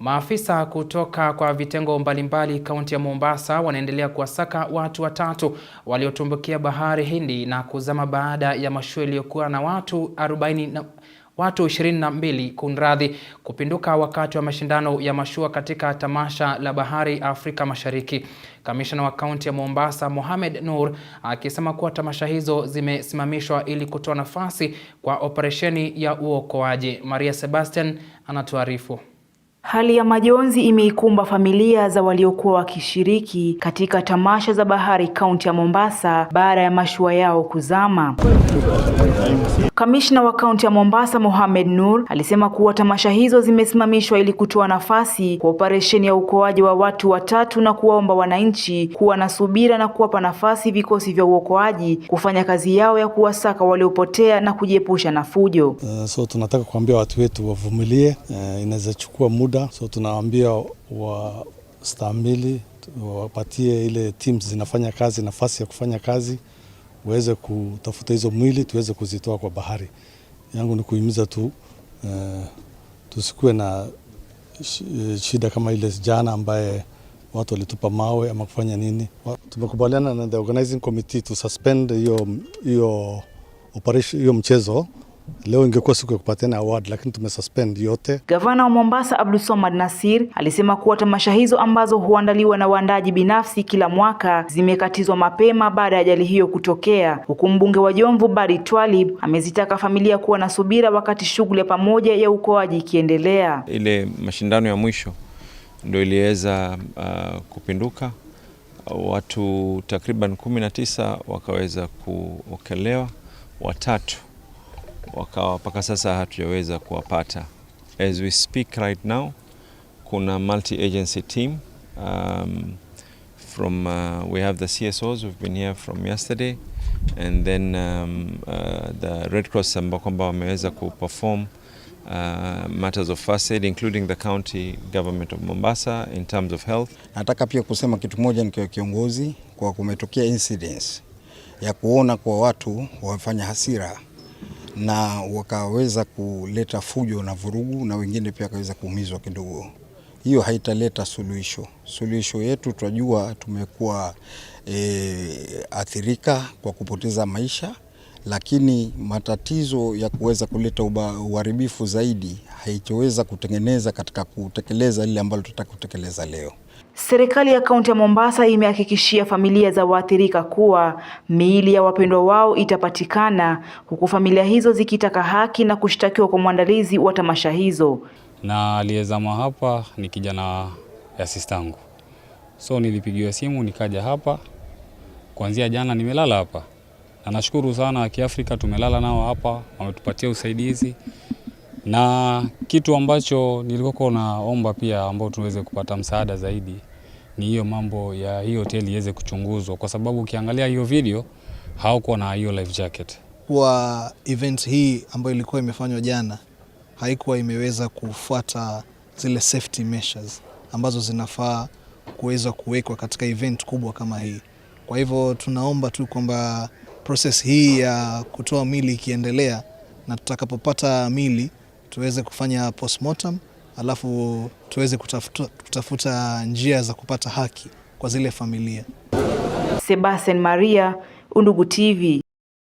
Maafisa kutoka kwa vitengo mbalimbali kaunti ya Mombasa wanaendelea kuwasaka watu watatu waliotumbukia bahari Hindi na kuzama baada ya mashua iliyokuwa na watu 40 na watu 22 kunradhi, kupinduka wakati wa mashindano ya mashua katika tamasha la bahari Afrika Mashariki. Kamishna wa kaunti ya Mombasa Mohamed Nur akisema kuwa tamasha hizo zimesimamishwa ili kutoa nafasi kwa operesheni ya uokoaji. Maria Sebastian anatuarifu. Hali ya majonzi imeikumba familia za waliokuwa wakishiriki katika tamasha za bahari kaunti ya Mombasa baada ya mashua yao kuzama. Kamishna wa kaunti ya Mombasa Mohamed Nur alisema kuwa tamasha hizo zimesimamishwa ili kutoa nafasi kwa operesheni ya uokoaji wa watu watatu na kuwaomba wananchi kuwa na subira na kuwapa nafasi vikosi vya uokoaji kufanya kazi yao ya kuwasaka waliopotea na kujiepusha na fujo. Uh, so tunataka kuambia watu wetu wavumilie, uh, inaweza chukua muda muda, so tunawaambia wastahimili, wapatie ile teams zinafanya kazi nafasi ya kufanya kazi, waweze kutafuta hizo mwili tuweze kuzitoa kwa bahari. Yangu ni kuhimiza tu uh, tusikue na eh, shida kama ile jana ambaye watu walitupa mawe ama kufanya nini. Tumekubaliana na the organizing committee to suspend hiyo hiyo operation hiyo mchezo. Leo ingekuwa siku ya kupatiana award lakini tumesuspend yote. Gavana wa Mombasa Somad Nasir alisema kuwa tamasha hizo ambazo huandaliwa na waandaji binafsi kila mwaka zimekatizwa mapema baada ya ajali hiyo kutokea, huku mbunge wa Jomvu Bari Twalib amezitaka familia kuwa na subira wakati shughuli ya pamoja ya ukoaji ikiendelea. Ile mashindano ya mwisho ndio iliweza uh, kupinduka watu takriban kumi na tisa wakaweza kuokelewa watatu wakawa mpaka sasa hatujaweza kuwapata. As we speak right now, kuna multi agency team um, from uh, we have the CSOs who've been here from yesterday and then um, uh, the Red Cross ambao kwamba wameweza kuperform Uh, matters of first aid including the county government of Mombasa in terms of health. Nataka pia kusema kitu moja nikiwa kiongozi, kwa kumetokea incidents ya kuona kwa watu wamefanya hasira na wakaweza kuleta fujo na vurugu, na wengine pia wakaweza kuumizwa kidogo. Hiyo haitaleta suluhisho. Suluhisho yetu tunajua tumekuwa e, athirika kwa kupoteza maisha, lakini matatizo ya kuweza kuleta uharibifu zaidi haitoweza kutengeneza katika kutekeleza lile ambalo tutataka kutekeleza leo. Serikali ya kaunti ya Mombasa imehakikishia familia za waathirika kuwa miili ya wapendwa wao itapatikana, huku familia hizo zikitaka haki na kushtakiwa kwa mwandalizi wa tamasha hizo. Na aliyezama hapa ni kijana ya sistangu, so nilipigiwa simu nikaja hapa. Kuanzia jana nimelala hapa na nashukuru sana, Kiafrika tumelala nao hapa, wametupatia usaidizi na kitu ambacho nilikuwa naomba pia ambao tuweze kupata msaada zaidi ni hiyo mambo ya hiyo hoteli iweze kuchunguzwa, kwa sababu ukiangalia hiyo video haukuwa na hiyo life jacket. Kwa event hii ambayo ilikuwa imefanywa jana, haikuwa imeweza kufuata zile safety measures ambazo zinafaa kuweza kuwekwa katika event kubwa kama hii. Kwa hivyo tunaomba tu kwamba process hii ya kutoa mili ikiendelea, na tutakapopata mili tuweze kufanya postmortem, alafu tuweze kutafuta, kutafuta njia za kupata haki kwa zile familia. Sebastian Maria, Undugu TV.